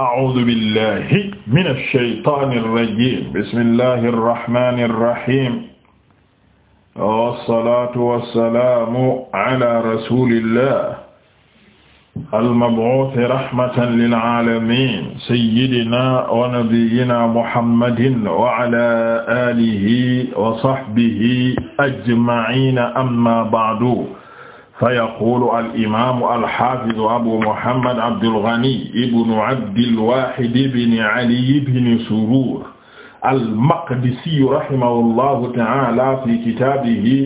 a'uudu billahi mina shaytaani rajiim bismillahi rahmaani rahiim wassalaatu wassalaamu ala rasuulillah al-mab'uuthi rahmatan lil aalamiin sayyidinaa wa nabiyyinaa muhammadin wa ala aalihi wa sahbihi ajma'iin amma ba'du fa yaqulu al'imamu alxaafidu abu muhammad abdul ghani ibnu abdil waahid ibni ali ibni surur almaqdisi rahimahullahu ta'ala fi kitaabihi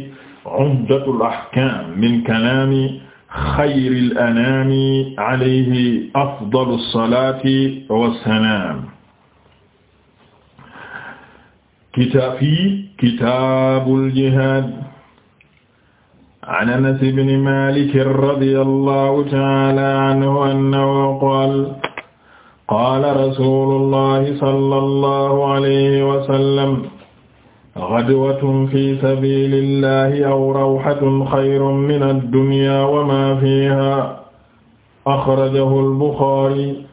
umdatul ahkaam min kalaami xayril anaami alayhi afdalu salaati wa salaam. kitaabi kitaabul jihaad an anas ibni malik radi allahu taala anhu annahu qaal qaala rasulu ullahi sala allahu alayhi wasallam gadwatun fi sabili illahi aw rawxatun xayrun min addunya wa ma fiha axrajahu albuxaari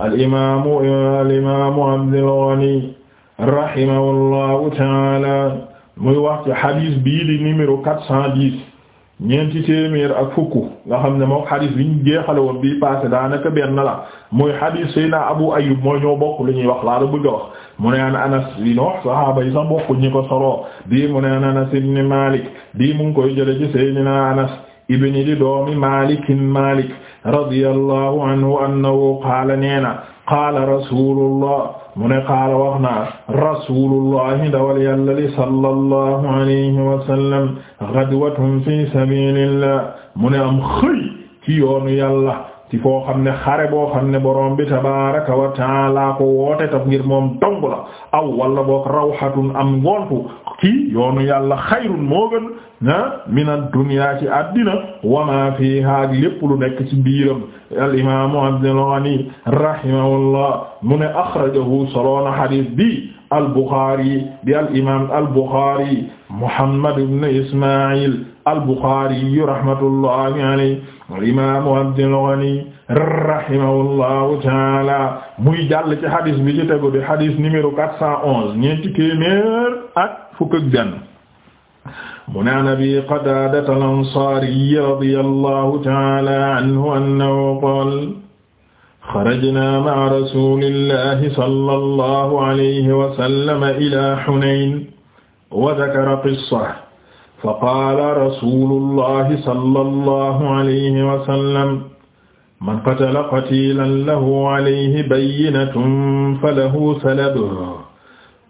alimamu alimamu abdulgani rahimahu llahu taala muy wax ci xadis bii di numéro 410 ñeenti téeméer ak fukk nga xam ne moom xadis bi ñu jeexale bi bii passé daanaka benn la muy xadis Seydina Abu Ayyub mooy ñoo bokk li ñuy wax laa la bëgg a wax mu ne an Anas yi no sahaaba yi sax bokk ñi ko soloo bii mu ne an Anas ibn Malik bii mu ngi koy jële ci Seydina Anas ibn doomi Malikin Malik radiyallahu anhu annahu qaala neena qaala rasulullah mu ne qaala wax naa rasulullahi dawal yàlla li sallallahu alayhi wa sallam ghadwatun fi sabilillah mu ne am xëy ci yoonu yàlla ci foo xam ne xare boo xam ne bo bi tabaaraka wa taala ko woote taf moom dong la aw wala boog rawhatun am ngontu kii yoonu yàlla xayrun moo gën na min ad-dunya addina wa ma fiha lépp lu nekk ci biiram al imaamu Abdul Ghani mu ne axrajahu soloona hadis bi al Bukhari bi al imaam al Bukhari Muhammad ibn Ismaa'il al-Bukhari rahmatullahi alayhi al-imaamu Abdul Ghani rahimahullahu taala muy jàll ci hadis bi ci tegu di hadis numéro quatre cent onze ñeenti téeméer ak fukk ak benn mu naan Abi Qataadata al-Ansaari radiyallahu taala anhu annahu qaala xarajnaa ma'a rasuulillahi sallallahu alayhi wa sallam ilaa Hunayn wa dhakara qissah fa qaala rasulullahi sallallahu alayhi wa sallam man qatala qatilan lahu alayhi bayyinatun falahu salabuhu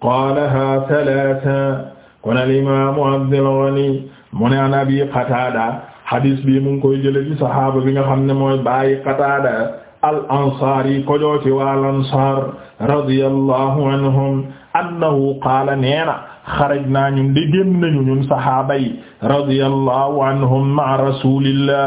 qaalahaa salaasa kon alimaamu Abdul Ghani mu ne an Abi Qataada hadis bi mu ngi koy jële ci saxaaba bi nga xam ne mooy bàyyi Qataada al ansaar yi kojoo ci waa al ansaar radiyallahu anhum annahu qaala neena xarajnaa ñun di génn nañu ñun saxaaba yi radiyallahu anhum ma'a rasulillah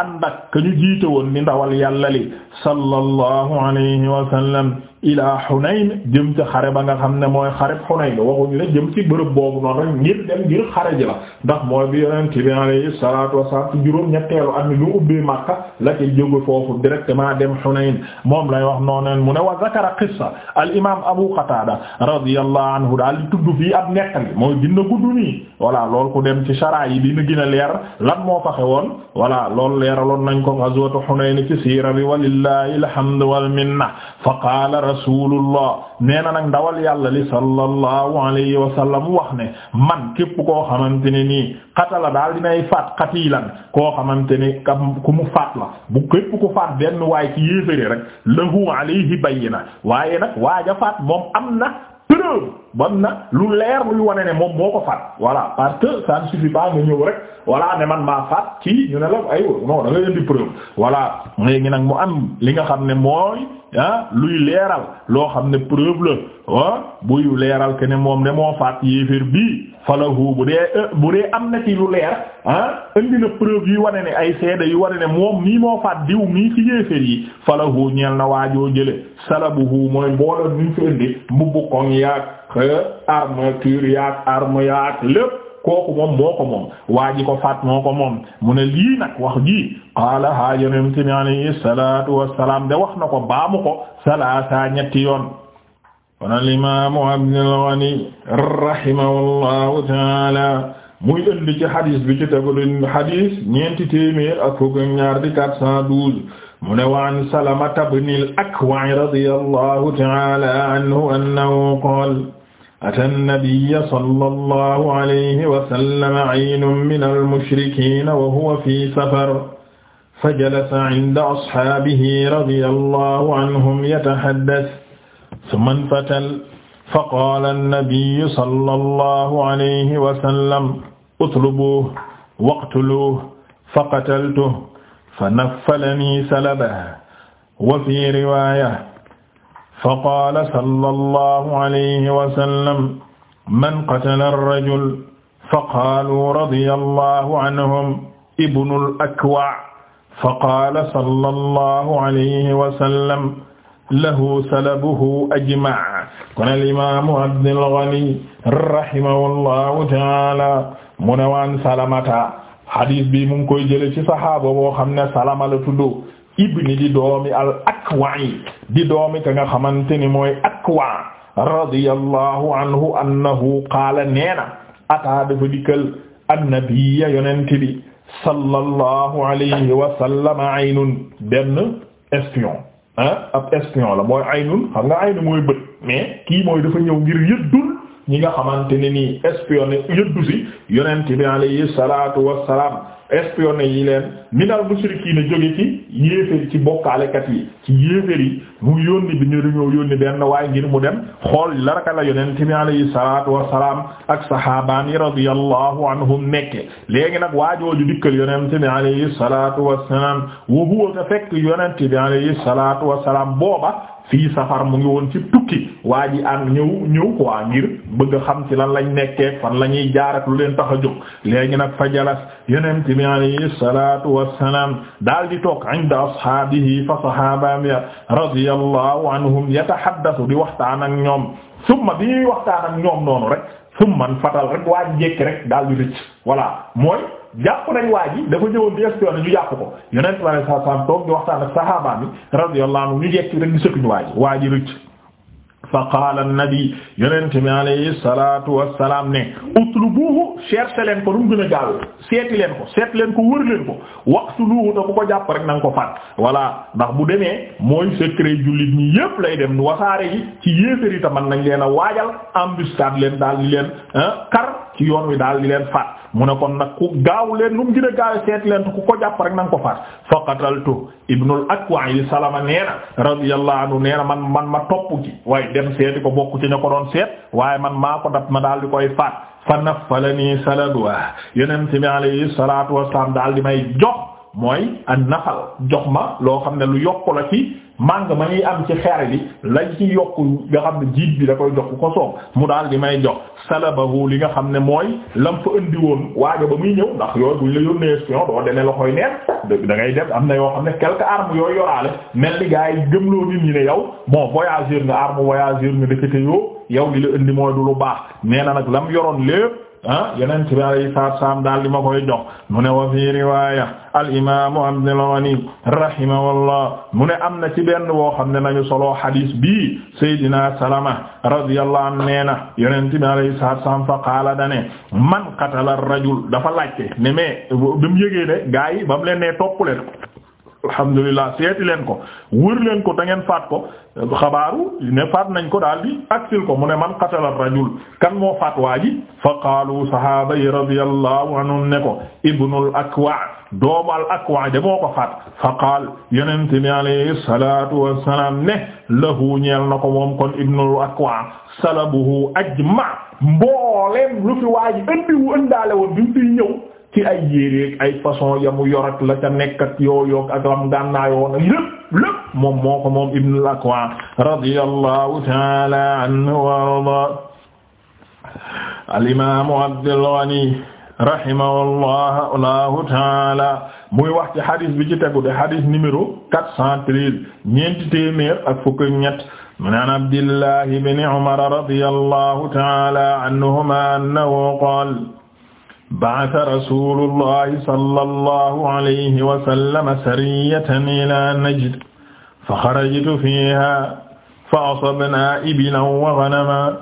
ànd ak ka ñu jiite woon ni ndawal yàlla li sallallahu alayhi wa sallam ila Hunayn jëm ca xare ba nga xam ne mooy xareb Hunayn waxuñu la jëm ci bërëb boobu noonu rek ngir dem ngir xare ji la ndax mooy bi yonent bi alayhi salaatu wa salaam ci juróom ñetteelu at mi bi mu ubbee Makka la ci jóge foofu directement dem Hunayn moom lay wax noonu mu ne wa zakara qissa al imaam Abu Qatada radiyallahu anhu daal di tudd fii ab nettali mooy dina gudd nii voilà loolu ku dem ci sharaa yi dina gën a leer lan moo faxe woon voilà loolu leeraloon nañ ko ghazwatu Hunayn ci siira bi walillahi alhamdu wal minna fa qaala rasulullah nee na nag ndawal yàlla li sallallahu alayhi wa sallam wax ne man képp koo xamante ne nii xatala daal dinay faat xatiilan koo xamante ne ku mu faat la bu képp ku faat benn waaye ci yéeféri rek lahu alayhi bayyina waaye nag waaja faat moom am na preuve na lu leer lu wane ne moom moo ko faat voilà parce que ça ne suffit pas nga ñëw rek voilà ne man maa faat ci ñu ne la ay non da nga indi preuve voilà am li nga xam ne mooy ah luy leeral loo xam ne preuve la ah buy leeral ke ne moom ne moo faat yéeféer bii falahu bu dee euh, bu dee am na ci lu leer ah indi preuve yu wane ne ay seede yu wane ne moom nii moo faat diw mii ci yéeféer yi falahu ñeel na waajoo jële salabuhu mooy mbooloo ñu fi indi mbubbu koŋ yaag armature yaag arme yaag lépp kooku moom moo ko moom waa ji ko faat moo moom mu ne lii nag wax ji qaala ha yonent bi alayhi salatu wassalam de wax na ko baamu ko salaasa ñetti yoon kon al imaamu Abdul Ghani rahimahullahu taala muy ëndi ci hadis bi ci tegalin hadis ñeenti téeméer ak fukk ñaar di quatre cent douze mu ne waan Salamata ibnil Akwa' radiyallahu taala anhu annahu qaala ata nabiyya sallallahu alayhi wa sallam aynun min al-mushrikiin wa huwa fi safar fa jalasa inda ashaabihi radiyallahu anhum yatahaddath summa infatal fa qaala an-nabiyyu sallallahu alayhi wa sallam utlubuuhu waqtuluuhu fa qataltuhu fa naffalanii salabahu wa fii riwaaya faqaala sallallahu alayhi wa sallam man qatala ar-rajul faqaaluu radiyallahu anhum ibnul akwa' faqaala sallallahu alayhi wa sallam lahu salabuhu ajma' kon al-imaamu Abdul Ghani rahimahullahu ta'aala mu ne waan salamata hadis bi mu ngi koy jële ci saxaaba boo xam ne salama la tudd ibni di doomi al akwa'i di doomi ka nga xamante ni mooy akwa radiyallahu anhu annahu qaala neena ataa dafa dikkal annabiya yonent bi sallallahu alayhi wa sallam aynun benn espion ah ab espion la mooy aynun xam nga aynu mooy bët mais kii mooy dafa ñëw ngir yëddul ñi nga xamante ne nii espionné yëddu si yonent bi alayhi salatu wassalam espionné yi leen minal mushrikiina jóge ci yéeféer ci bokkaalekat yi ci yéeféer yi mu yónni bi ñu dañoo yónni benn waaye ngir mu dem xool laraka la yonent bi alayhi salaatu wassalaam ak sahaabaan yi radiyallahu anhum nekke léegi nag waajooju dikkal yonent bi alayhi salaatu wassalaam wa huwa ta fekk yonent bi alayhi salaatu salaam booba fii safar mu ngi woon ci tukki waa yi ànd ñëw ñëw quoi ngir bëgg a xam ci lan lañ nekkee fan la ñuy jaar ak lu leen tax a jóg léegi nag fa jalas yonent bi alayhi salaatu wassalaam daal di toog inda ashaabihi fa sahaabam ya radiyallahu anhum yatahaddathu di waxtaan ak ñoom summa bi ñuy waxtaan ak ñoom noonu rek summan fatal rek waa njekki rek daal di rëcc voilà mooy jàpp nañ waa ji dafa ñëwoon di espionné ñu jàpp ko yonent bi alayhi salaatu wassalaam toog di waxtaan ak sahaaba mi radiyallahu anhum ñu jekki rek di sëkkuñu waa ji waa ji rëcc fa qaala an-nabi yonent bi alayhi salaatu wassalaam ne utlubuhu cherche leen ko lu mu gën a gaaw seeti leen ko seet leen ko wër leen ko waqtuluhu da ko ko jàpp rek na ko faat voilà ndax bu demee mooy secret jullit ñi yépp lay dem wasaare yi ci yéefari ta man nañ leen a waajal embustade leen daal di leen kar ci yoon wi daal di leen faat mu ne kon nag ku gaaw leen lu mu gën a seet leen ku jàpp rek na ko faat fa qataltu ibnul akwa yi salama nee na radiyallahu anhu nee na man ma topp ci waaye dem seeti ko bokk ci ña ko doon seet waaye man maa ko dab ma daal di koy faat fa nafalani saladwa yonent bi alayhi salatu wassalam daal di may jox mooy an nafal jox ma loo xam ne lu yokk la ci màng ma ñuy am ci xeer bi lañ ci yokku nga xam ne jiit bi da koy jox ku ko soog mu daal di may jox salabahu li nga xam ne mooy lam fa indi woon waajo ba muy ñëw ndax yooyu buñ la yónnee espion doo demee loxoy neen da ngay def am na yoo xam ne quelques armes yooyu yoraale mel ni gaa yi gëmloo nit ñi ne yow bon voyageur nga arme voyageur nga dëkkate yoo yow li la indi mooy du lu baax nee na nag lam yoroon lépp ah yeneen ci biir saam daal di ma koy jox mu ne wa fi riwaaya al imaamu Abdul Ghani rahimahullah mu ne am na ci benn boo xam ne nañu solo hadis bii Seydina Salama radiyallahu anhu nee na yeneen ci biir saam fa qaala dane man qatala ar-rajul dafa laajte ne mais ba mu yëgee ne gaa yi ba mu leen nee topp leen alhamdulilah seeti leen ko wër leen ko da ngeen faat ko xabaaru ne faat nañ ko daal di aksil ko mu ne man qatala rajul kan moo faat waa ji fa qaalu sahaaba yi radiyallahu anhum ne ko ibnul akwa doomu al akwa de moo ko faat fa qaal yonent bi alayhi salatu wassalaam ne lahu ñeel na ko moom kon ibnul akwa salabuhu ajma mbooleem lu fi waa ji andi wu ëndaale woon bi mu fi ñëw ci ay yéeréeg ay façon yamu yorat la ca nekk ak yooyoog ak lam gànnaayoon ak lépp lépp moom moo ko moom Ibn al-Akwa radiyallahu ta'ala anhu wa arda al-imam Abdul Ghani rahimahullahu ta'ala muy wax ci hadith bi ci tegu de hadith numéro 413 ñeenti téeméer ak fukk ñett من عن عبد الله بن عمر رضي الله تعالى عنهما أنه قال ba'atha rasuulullahi sallallahu alayhi wa sallam sariyatan ilaa najd fa xarajtu fiihaa fa asabnaa ibilan wa ghanaman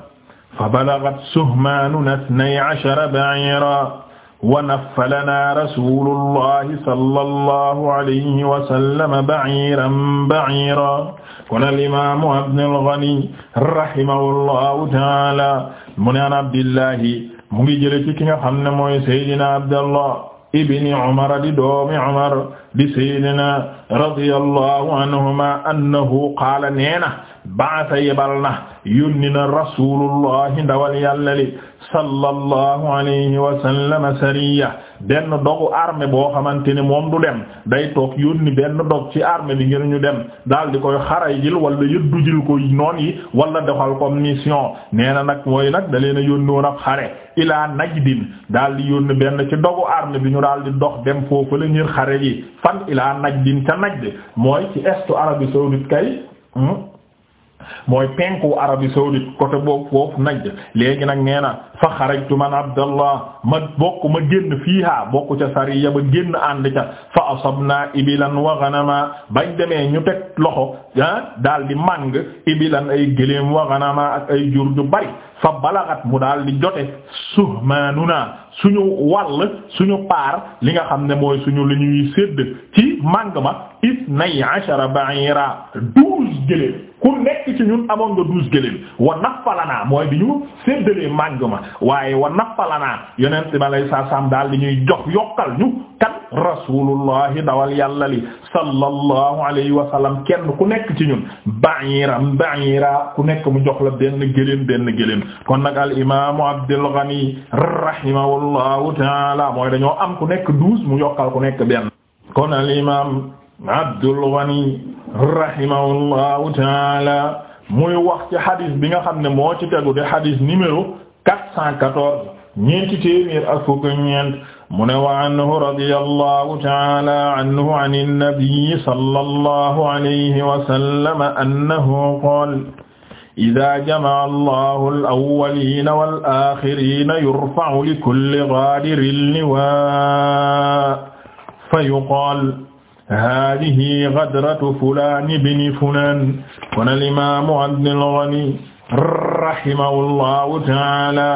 fa balagat suhmaanunaa ithnay ashara ba'iiran wa naffalanaa rasuulullahi sallallahu alayhi wa sallam ba'iiran ba'iiran kon al-imaamu Abdul Ghani rahimahullahu ta'aala mu ne an Abdillahi mu ngi jële ci ki nga xam ne mooy Seydina Abdallah ibni Umar di doomi Umar di Seydina radiyallahu anhuma annahu qaala neena baasa yebal na yónni na rasulullahi ndawal yàlla li sallallahu alayhi wa sallam sariya benn dogu arme boo xamante ne moom du dem day toog yónni benn dog ci armée bi ngir ñu dem daal di koy xaray jil wala yëddu jil ko noon yi walla doxal ko mission nee na nag mooy nag da leen a yónni woon ab xare ilaa Najdin daal di yónni benn ci dogu armée bi ñu daal di dox dem foofu la ngir xare ji fan ilaa Najdin ca Najd mooy ci estu Arabie saoudite kay hmm? mooy penku Arabie saoudite côté boobu foofu Najd léegi nag nee na fa xarajtu man Abdallah ma bokk ma génn fiiha bokk ca sariya ba génn ànd ca fa asabna ibilan wa ghanama bañ demee ñu teg loxo ah daal di màng ibilan ay gëléem wa ghanama ak ay jur ju bari fa balagat mu daal di jote suhmanuna suñu wàll suñu paar li nga xam ne mooy suñu li ñuy sédd ci màng ma isnay ashara ba'ira douze gëléem ku nekk ci ñun amoon nga douze gëléem wa nafalanaa mooy bi ñu séddalee màng ma waaye wa naa nafalanaa yonent bi alayhi salaam daal di ñuy jox yokkal ñu kan rasulullahi dawal yàlla li sallallahu alayhi wa sallam kenn ku nekk ci ñun ba'iram ba'ira ku nekk mu jox la benn gëléem benn gëléem kon nag al imaamu Abdul Ghani rahimahullahu mooy dañoo am ku nekk douze yokkal ku nekk benn kon al imaam Abdul Ghani rahimahullahu taala wax ci hadith bi nga xam ne moo ci tegu de hadith numéro quatre cent quatorze ñeenti téeméer ak fukk ñeent mu ne wa anhu radiyallahu ta'ala anhu an an-nabi sallallahu alayhi wa sallam annahu qala idaa jamaa allahu alawalina wal axirina yurfau likulli gaadirin liwaa fa yuqaal haadihi gadratu fulaan ibni fulaan kon alimaamu abdul gani rahimahullahu taala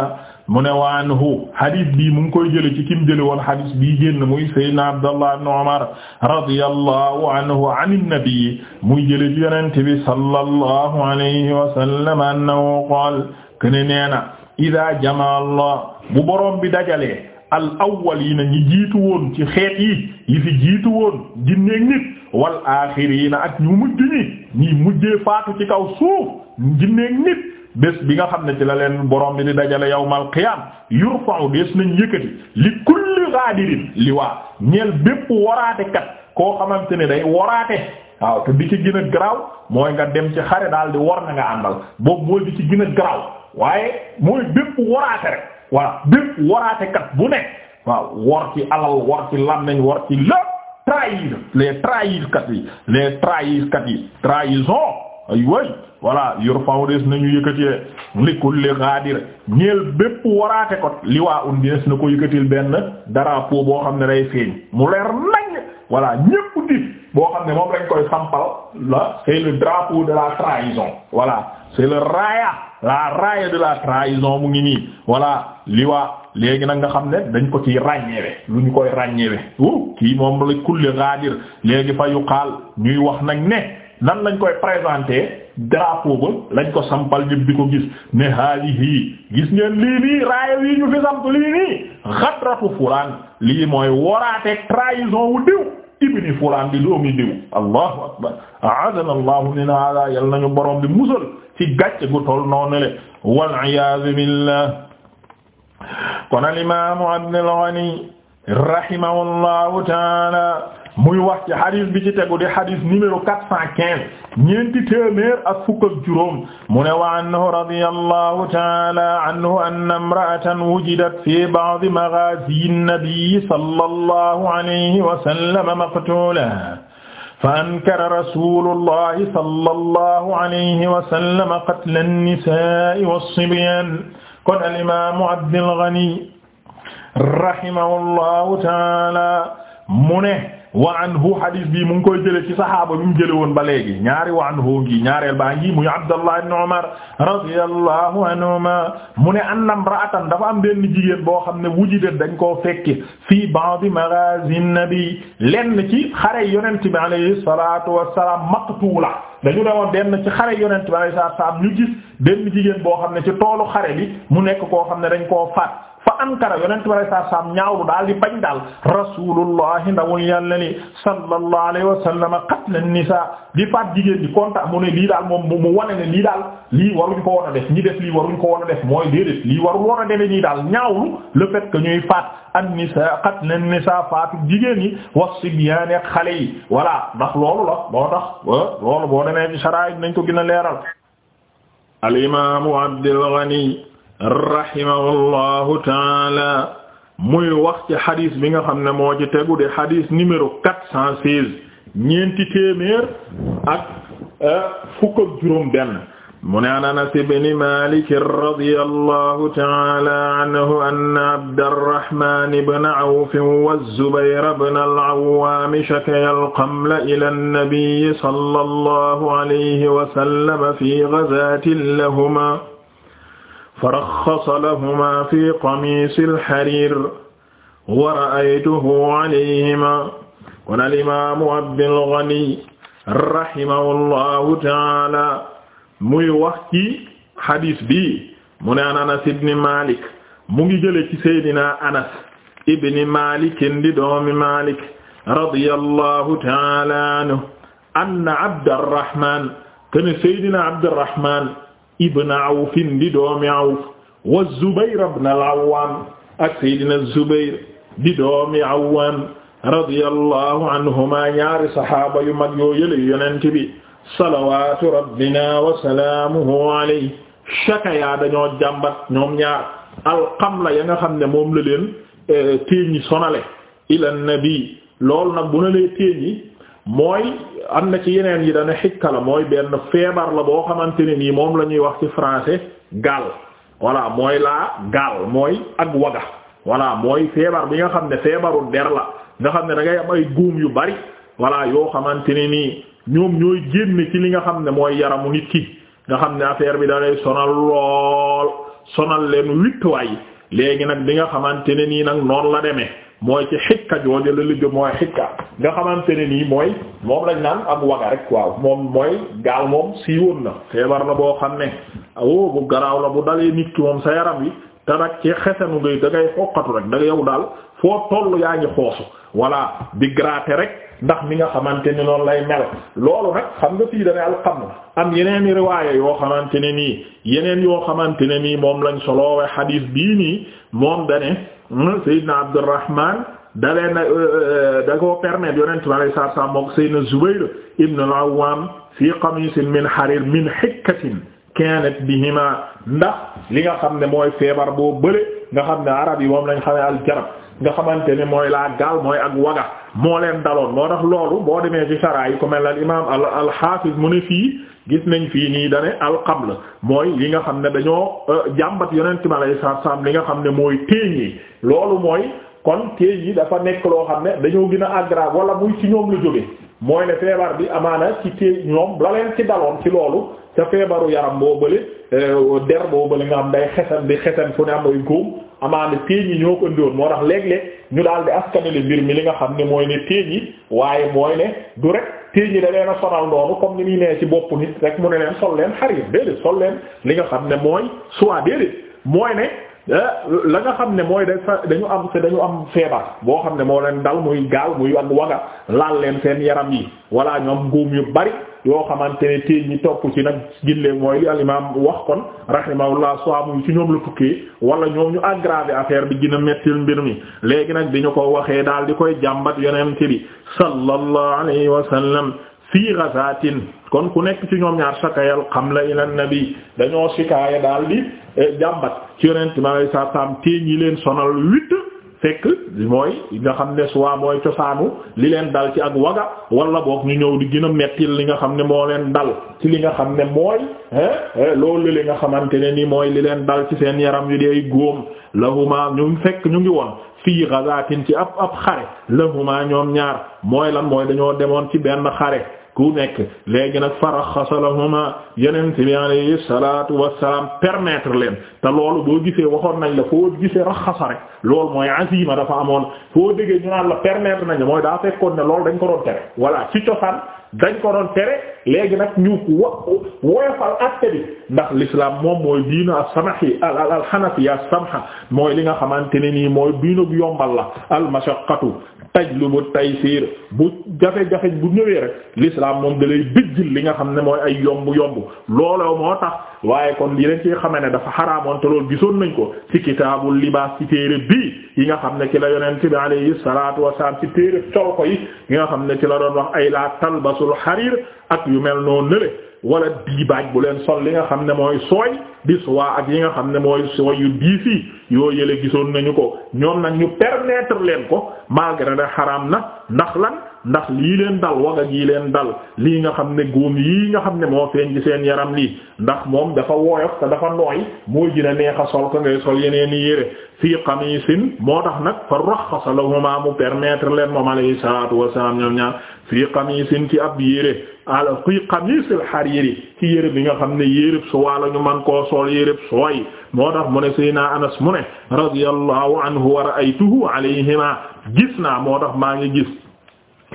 mu ne waan hu hadis bii mu ngi koy jële ci kim jële woon hadis bii génn muy sayyidina Abdallah ibn Umar radiyallahu anhu anin nabi muy jële ci yonent bi sallallahu alayhi wa sallam annahu qaal kene neena ida jamaa Allah bu boroom bi dajalee al awwaliina ñi jiitu woon ci xeet yi yi fi jiitu woon jinneeg nit wal aaxiriina ak ñu mujj ñi ñi mujjee faatu ci kaw suuf jinneeg nit bés bi nga xam ne ci la leen borom bi di dajale yawmal qiyaam yurfa'u des nañ yëkkati li kulli ghadirin li waa ñeel bépp waraate kat koo xamante ne day waraate waaw te di ci gën a garaaw mooy nga dem ci xare daal di war na nga àndal boobu mooy di ci gën a garaaw waaye mooy bépp waraate rek voilà bépp waraate bu ne waaw war ci alal war ci làmmiñ war ci lépp trahir les trahir kat yi les trahir kat yi trahison ay way voilà yurfa'u des nañu yëkkatee li kulli ghadir ñeel bépp waraate ko liwaa'un des na ko yëkkatil benn drapeau boo xam ne day feeñ mu leer nañ voilà ñépp dit boo xam ne moom lañ koy sampal la c'est le drapeau de la trahison voilà c'est le raaya la raaya de la trahison mu ngi nii voilà liwaa léegi nag nga xam ne dañ ko ciy ràññeewe lu ñu koy ràññeewe wu kii moom li kulli ghadir léegi fa yuqaal ñuy wax nag ne nan lañ koy présenter drapeau ba lañ ko sampal ñëpp di ko gis ne haadihi gis ngeen lii nii fi samp lii nii xadratu lii mooy woraate trahison wu ibni fulaan di doomi diw allahu akbar aadana allahu min hada yal nañu borom bi musal ci gàcce gu toll noonu le waliyasu billah kon al imaamu Abdul Ghani rahimahullahu taala muy wax ci hadith bi ci tegu di hadith numéro quatre cent quinze ñeenti téeméer ak fukk ak juróom mu ne wa anhu radiyallahu ta'ala anhu anna imra'atan wujidat fi ba'di maghazi an-nabi sallallahu alayhi wa sallam maqtulan fa ankara rasulullahi sallallahu alayhi wa sallam qatla an-nisa'i was-sibyan kon al-imamu Abdul Ghani rahimahullahu ta'ala mu ne wa anhu hadis bi mu ngi koy jële ci sahaaba bi mu jële woon ba léegi ñaari wa anhu ngi ñaareel baa ngi muy abdallah ibn umar radiyallahu anhuma mu ne annam ra'atan dafa am benn jigéen boo xam ne wujida dañ koo fekki fii ba'di maghazi nabi lenn ci xare yonent bi alayhi salatu wassalam maqtuula dañu ne woon benn ci xare yonent bi alayhi salatu wassalam ñu gis benn jigéen boo xam ne ci toolu xare bi mu nekk koo xam ne dañ koo faat ankara yonent bi saa saam ñaawlu daal di bañ daal rasulullahi ndawul yàlla ni sallallahu alayhi wa sallam qatl an-nisaa di faat jigéen di kontaan mu ne lii daal moom mu wane ne lii daal lii waruñ ko woon a def ñi def lii waruñ ko woon a def mooy déedéet lii warul woon a demee nii daal ñaawlu le fait que ñuy faat an-nisaa qatl an-nisaa faatu jigéen yi was-sibyaan ak xale yi voilà ndax loolu la boo tax loolu boo demee ci saraay nañ ko gën a leeral al imaamu Abdul Ghani rahimahullahu taala muy wax ci xadis bi nga xam ne moo ci tegu de xadis numéro quatre cent seize ñeenti téeméer ak euh, fukk ak juróom benn mu ne an anas ibn malik radiyallahu taala anhu anna abdarrahman ibn awf wa zubayr ibn al-awwam shakaya al-qamla ila an-nabi sallallahu alayhi wa sallam fi ghazatin lahuma faraxxasa lahumaa fi qamiisil hariir wa ra'aytuhu alayhimaa kon alimaamu Abdul Ghani rahimahullahu taala muy wax ci hadis bi mu ne an Anas ibn Malik mu ngi jële ci Seydina Anas ibn Malik ndi doomi Malik radiyallahu taala anhu anna Abdurrahman kana Seydina Abdurrahman ibn Awf di doomi Awf wa Zubayr ibn al-Awwam ak Seydina Zubayr di doomi Awwam radiyallahu anhuma ñaari saxaaba yu mag yoo yële yonent bi salawaatu rabbina wa salaamuhu alayhi shakaya dañoo jàmbat ñoom ñaar alxamla ya nga xam ne moom la leen eh, téeñ yi sonale ila nabi loolu nag na lee téeñ yi mooy am na ci yeneen yi dana xikka la mooy benn feebar la boo xamante ne nii moom la ñuy wax ci français gaal voilà mooy laa gall mooy ak waga voilà mooy feebar bi nga xam ne feebaru der la nga xam ne dangay am ay góom yu bari voilà yoo xamante ne nii ñoom ñooy génn ci li nga xam ne mooy yaramu nit ki nga xam ne affaire bi da lay sonal lool sonal leenu witt waay léegi nag bi nga xamante ne nii nag noonu la demee mooy ci xikka jooja la liggéey mooy xikka nga xamante ne nii mooy moom lañ naan ak waga rek waaw moom mooy gaal moom siiwoon na feebar la boo xam ne awoo oh, bu garaaw la bu dalee nit ki moom sa yaram yi te nag ci xesanu ngay da ngay xoqatu rek da yow daal foo toll yaa ngi xoosu voilà di gratter rek ndax mi nga xamante ni noonu lay mel loolu nag xam nga fii dane alxamr am yeneen i riwaaya yoo xamante ne nii yeneen yoo xamante ne nii moom lañ soloowe xadiis bii nii moom dane hmm, Seydina Abdurrahman da leen euh, euh, da koo permettre yonent bi alei satu selaam mook Seydina Zubayr ibn al-Awwam fii qamisin min harir min hikkatin kanat bihima ndax li nga xam ne mooy feebar boo bële nga xam ne arab yi moom lañ xamee aljarab nga xamante ne mooy laa gaal mooy ak waga moo leen daloon moo tax loolu boo demee ci saraa yi ko mel al imam al alxaafis mu ne fii gis nañ fii nii dane alxabl mooy li nga xam ne dañoo euh, jàmbat yonent mi alayhi li nga xam ne mooy téeñi loolu mooy kon téeñ yi dafa nekk loo xam ne dañoo gën a aggrave wala muy ci ñoom la jóge mooy ne feebar bi amaana ci téeñ ci daloon ci loolu ca feebaru yaram boo bële euh, der boo bële nga xam day xesan bi xesan fu ne am ay góom amaana téeñ yi ñoo ko moo tax léeg-léeg ñu daal di askanale mbir mi li nga xam ne mooy ne téeñ yi waaye mooy ne du rek téeñ yi da leen a sonal comme ni muy nee ci bopp nit rek mu ne leen sol leen xarir déedéet sol leen li nga xam ne mooy soit déedéet mooy ne Eh, la nga xam ne mooy dañu am te dañu am feebar boo xam ne moo leen dal muy gaal muy ak waga laal leen seen yaram yi walla ñu am góom yu bari yoo xamante ne téeñ ñi topp ci nag leen mooy aliment alimaam wax kon rahimahullah soit muy ci ñoom la tukkee wala ñoom ñu aggravé affaire bi gën a mettil mbir mi léegi nag bi ñu ko waxee daal di koy jàmbat yonent bi sallallahu alayhi wa sallam fii ghazatin kon ku nekk ci ñoom ñaar sakayal xamla na bi dañoo sikaaya daal bi eh, jàmbat ci yonent ma lay sa saam téeñ yi leen sonal huit fekk mooy nga xam ne soit mooy cosaanu li leen dal ci ak waga wala boog ñu ñëw di gëna a li nga xam ne moo leen dal ci li nga xam ne mooy eh, eh, loolu li nga xamante ne ni mooy li leen dal ci seen yaram yu dee góom lahuma ñu fekk ñu ngi woon fii ghazaatin ci ab ab xare lahuma ñoom ñaar mooy lan mooy dañoo demoon ci benn xare ku nekk léegi nag faraxasa lahuma yeneen si bi alayhi salaatu wassalaam permettre leen te loolu boo gisee waxoon nañ la foo gisee raxasa rek loolu mooy azima dafa amoon foo déggee ñu naan la permettre nañ la mooy daa fekkoon ne loolu dañ ko doon tere ci cosaan dañ ko doon tere léegi nag ñu wa woyofal acte bi ndax l'islam moom mooy diina as-samahi al al-hanafi as-samha mooy li nga xamante ne nii mooy diina bu yombal la al-mashaqqatu tajlubu taysir bu jafe-jafe bu ñëwee rek l'islam moom da lay bijjil li nga xam ne mooy ay yomb yomb looloo moo tax waaye kon li leen ci xamee ne dafa xaraamoon te loolu gisoon nañ ko ci kitaabul libaas ci téere bii yi nga xam ne ci la yonent bi alayhi salaatu wasalaam ci téere col ko yi yi nga xam ne ci la doon wax ay la talbasul xariir ak yu mel noonu nële wala diibaaj bu leen sol li nga xam ne mooy sooy di suwaa ak yi nga xam ne mooy sooy yu diis yi yoo yële gisoon nañu ko ñoom nag ñu permettre leen ko malgré ne xaraam na ndax lan ndax lii leen dal waga yii leen dal lii nga xam ne góom yii nga xam ne moo feeñ ci seen yaram lii ndax moom dafa woyof te dafa nooy mooy dina neexa sol ko ngay sol yeneen yére fii qamisin moo tax nag fa raxasa lahuma mu permettre leen moom alayhi salaatu wasalaam ñoom ñaar fii qamisin ci ab yére ala fii qamisil hariri ci yére bi nga xam ne yéreb so wala ñu man koo sol yéreb sooy moo tax mu ne sayna anas mu ne radiyallahu anhu wa ra'aytuhu alayhima gis naa moo tax maa ngi gis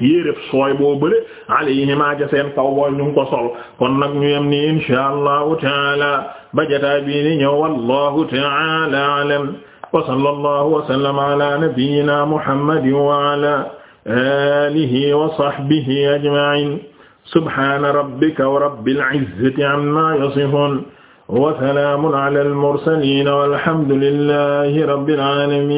yéeréf sooy boo bële alayhima ja seen kaw booy ñu ngi ko sol kon nag ñu yem ni insha allahu taala bajataay bii ni ñëw wallahu taala alam wa sallallahu wa sallama ala nabiyyina muhammadin wa ala alihi wa sahbihi ajma'in subhana rabbika rabbil izzati amma yasifun wa salamun ala al mursalin walhamdulillahi rabbil alamin